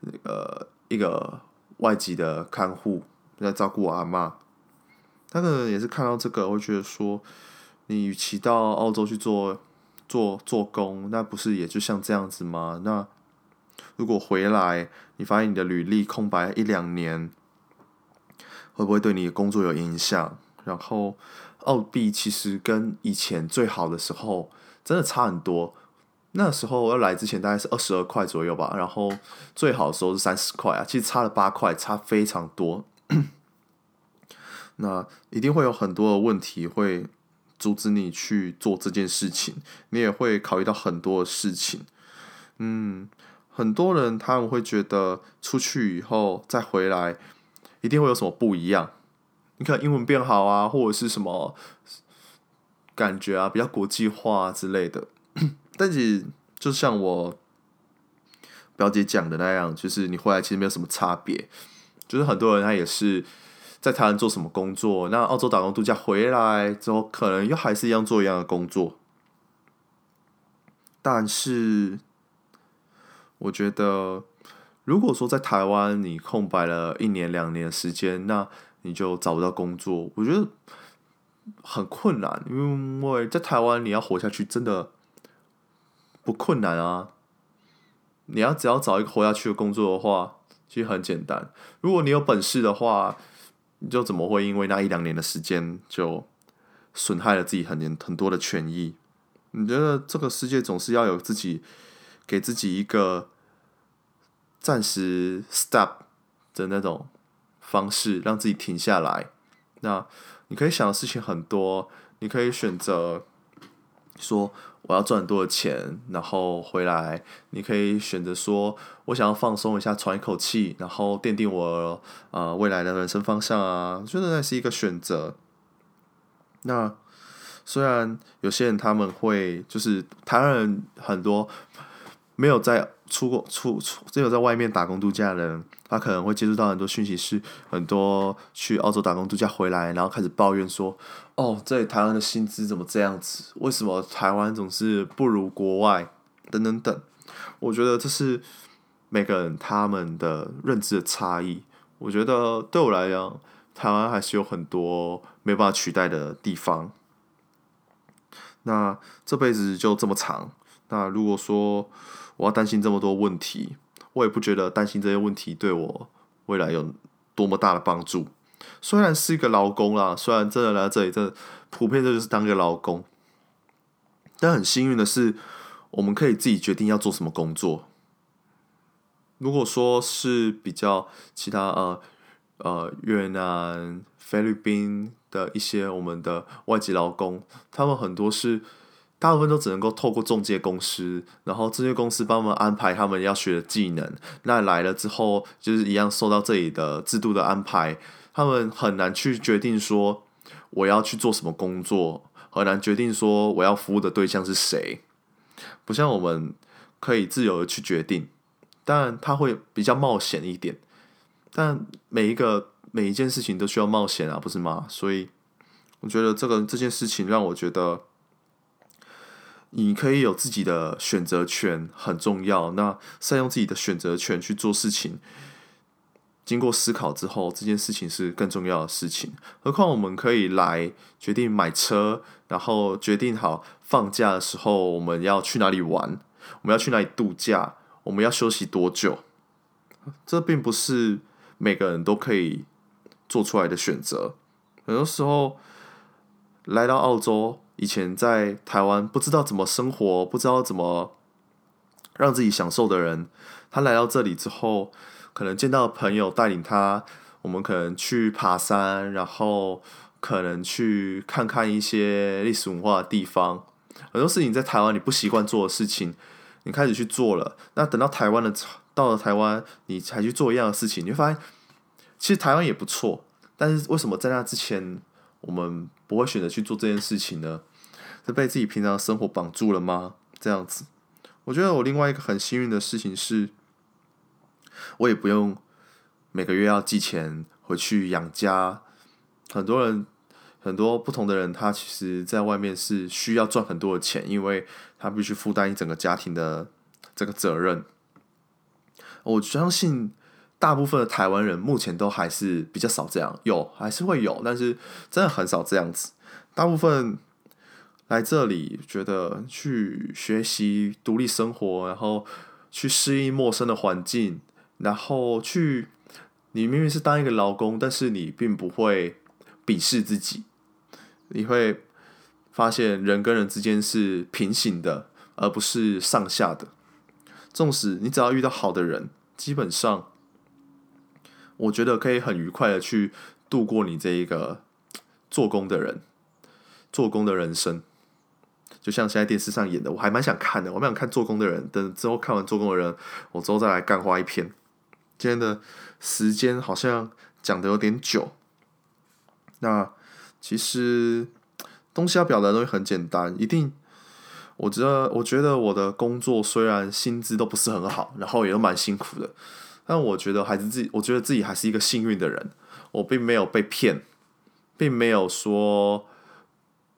那個一個外籍的看護在照顧我阿媽。她可能也是看到這個，我會覺得說，你與其到澳洲去做做做工，那不是也就像這樣子嗎？那如果回來，你發現你的履歷空白一兩年，會不會對你的工作有影響？然後。澳幣其實跟以前最好的時候真的差很多。那時候要來之前大概是二十二塊左右吧，然後最好的時候是三十塊啊，其實差了八塊，差非常多。 [COUGHS] 那一定會有很多的問題會阻止你去做這件事情，你也會考慮到很多的事情。嗯，很多人他們會覺得出去以後再回來，一定會有什麼不一樣。你看英文變好啊，或者是什麼感覺啊，比較國際化之類的。 [COUGHS] 但是，就像我表姐講的那樣，就是你回來其實沒有什麼差別。就是很多人他也是在台灣做什麼工作，那澳洲打工度假回來之後，可能又還是一樣做一樣的工作。但是，我覺得如果說在台灣你空白了一年兩年的時間，那你就找不到工作，我覺得很困難，因為在台灣你要活下去真的不困難啊！你要只要找一個活下去的工作的話，其實很簡單。如果你有本事的話，你就怎麼會因為那一兩年的時間就損害了自己很很多的權益？你覺得這個世界總是要有自己給自己一個暫時 stop 的那種。方式讓自己停下來，那你可以想的事情很多，你可以選擇說，我要賺很多的錢，然後回來；你可以選擇說，我想要放鬆一下，喘一口氣，然後奠定我呃未來的人生方向啊。我覺得那是一個選擇。那雖然有些人他們會就是台灣人很多沒有在。出國出出，只有在外面打工度假的人，他可能會接觸到很多訊息，是很多去澳洲打工度假回來，然後開始抱怨說：“哦，這裡台灣的薪資怎麼這樣子？為什麼台灣總是不如國外？”等等等。我覺得這是每個人他們的認知的差異。我覺得對我來講，台灣還是有很多沒辦法取代的地方。那這輩子就這麼長，那如果說，我要擔心這麼多問題，我也不覺得擔心這些問題對我未來有多麼大的幫助。雖然是一個勞工啦，雖然真的來這裡真的，這普遍這就是當一個勞工。但很幸運的是，我們可以自己決定要做什麼工作。如果說是比較其他呃呃越南、菲律賓的一些我們的外籍勞工，他們很多是。大部分都只能夠透過中介公司，然後中介公司幫我們安排他們要學的技能。那來了之後，就是一樣受到這裡的制度的安排。他們很難去決定說我要去做什麼工作，很難決定說我要服務的對象是誰。不像我們可以自由的去決定，但他會比較冒險一點。但每一個每一件事情都需要冒險啊，不是嗎？所以我覺得這個這件事情讓我覺得。你可以有自己的選擇權，很重要。那善用自己的選擇權去做事情，經過思考之後，這件事情是更重要的事情。何況我們可以來決定買車，然後決定好放假的時候我們要去哪裡玩，我們要去哪裡度假，我們要休息多久。這並不是每個人都可以做出來的選擇。很多時候來到澳洲，以前在台灣不知道怎麼生活，不知道怎麼讓自己享受的人，他來到這裡之後，可能見到朋友帶領他，我們可能去爬山，然後可能去看看一些歷史文化的地方，很多事情在台灣你不習慣做的事情，你開始去做了，那等到台灣的，到了台灣，你才去做一樣的事情，你會發現其實台灣也不錯，但是為什麼在那之前我們不會選擇去做這件事情呢？被自己平常的生活綁住了嗎？這樣子，我覺得我另外一個很幸運的事情是，我也不用每個月要寄錢回去養家。很多人，很多不同的人，他其實在外面是需要賺很多的錢，因為他必須負擔一整個家庭的這個責任。我相信大部分的台灣人目前都還是比較少這樣，有還是會有，但是真的很少這樣子。大部分。來這裡，覺得去學習獨立生活，然後去適應陌生的環境，然後去，你明明是當一個勞工，但是你並不會鄙視自己，你會發現人跟人之間是平行的，而不是上下的。縱使你只要遇到好的人，基本上，我覺得可以很愉快的去度過你這一個做工的人，做工的人生。就像現在電視上演的，我還蠻想看的。我蠻想看做工的人，等之後看完做工的人，我之後再來幹花一篇。今天的時間好像講得有點久。那其實東西要表達的東西很簡單，一定。我覺得，我覺得我的工作雖然薪資都不是很好，然後也都蠻辛苦的，但我覺得還是自己，我覺得自己還是一個幸運的人。我並沒有被騙，並沒有說。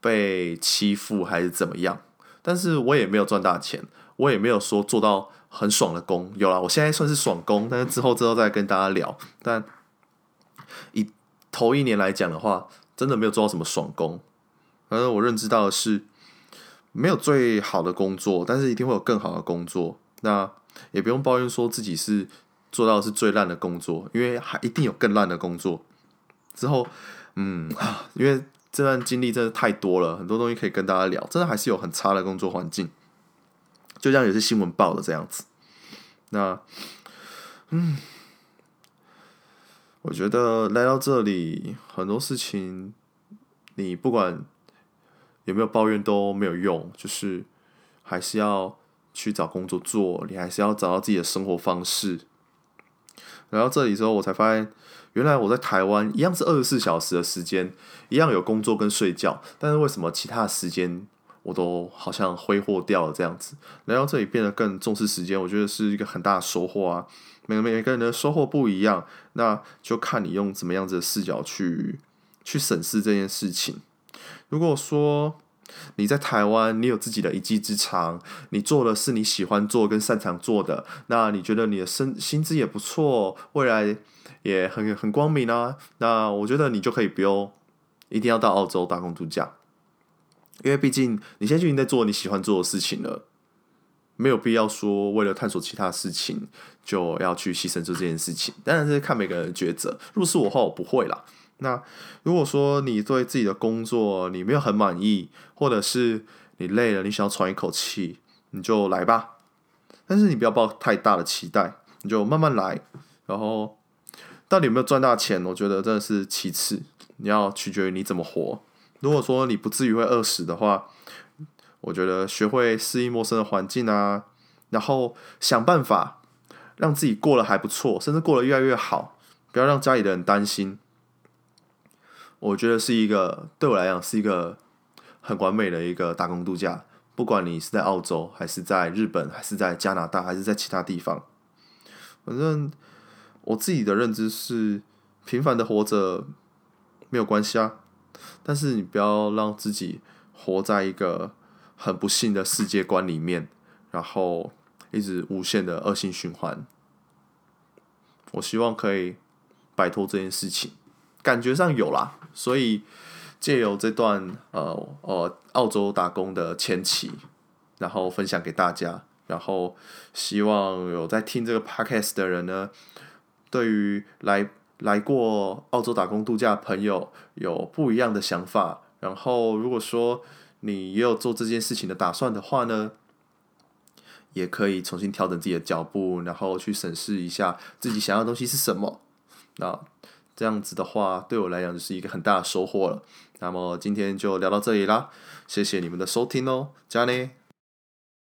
被欺負還是怎麼樣？但是我也沒有賺大錢，我也沒有說做到很爽的工。有啦，我現在算是爽工，但是之後之後再跟大家聊。但以頭一年來講的話，真的沒有做到什麼爽工。反正我認知到的是，沒有最好的工作，但是一定會有更好的工作。那也不用抱怨說自己是做到的是最爛的工作，因為還一定有更爛的工作。之後，嗯，因為。這段經歷真的太多了，很多東西可以跟大家聊。真的還是有很差的工作環境，就像有些新聞報的這樣子。那，嗯，我覺得來到這裡很多事情，你不管有沒有抱怨都沒有用，就是還是要去找工作做，你還是要找到自己的生活方式。來到這裡之後，我才發現。原來我在台灣一樣是二十四小時的時間，一樣有工作跟睡覺，但是為什麼其他的時間我都好像揮霍掉了這樣子？來到這裡變得更重視時間，我覺得是一個很大的收穫啊。每每個人的收穫不一樣，那就看你用怎麼樣子的視角去去審視這件事情。如果說你在台灣，你有自己的一技之長，你做的是你喜歡做跟擅長做的，那你覺得你的薪薪資也不錯，未來。也很很光明啊。那我覺得你就可以不用一定要到澳洲打工度假，因為畢竟你現在就已經在做你喜歡做的事情了，沒有必要說為了探索其他事情就要去犧牲做這件事情。當然是看每個人的抉擇。如果是我的話，我不會啦。那如果說你對自己的工作你沒有很滿意，或者是你累了，你想要喘一口氣，你就來吧。但是你不要抱太大的期待，你就慢慢來，然後。到底有沒有賺大錢？我覺得這是其次，你要取決於你怎麼活。如果說你不至於會餓死的話，我覺得學會適應陌生的環境啊，然後想辦法讓自己過得還不錯，甚至過得越來越好，不要讓家裡的人擔心。我覺得是一個對我來講是一個很完美的一個打工度假，不管你是在澳洲，還是在日本，還是在加拿大，還是在其他地方，反正。我自己的認知是，平凡的活着沒有關係啊，但是你不要讓自己活在一個很不幸的世界觀裡面，然後一直無限的惡性循環。我希望可以擺脫這件事情，感覺上有啦，所以借由這段呃呃澳洲打工的前期，然後分享給大家，然後希望有在聽這個 podcast 的人呢。對於來來過澳洲打工度假的朋友，有不一樣的想法。然後，如果說你也有做這件事情的打算的話呢，也可以重新調整自己的腳步，然後去審視一下自己想要的東西是什麼。那這樣子的話，對我來講就是一個很大的收穫了。那麼今天就聊到這裡啦，謝謝你們的收聽哦加 o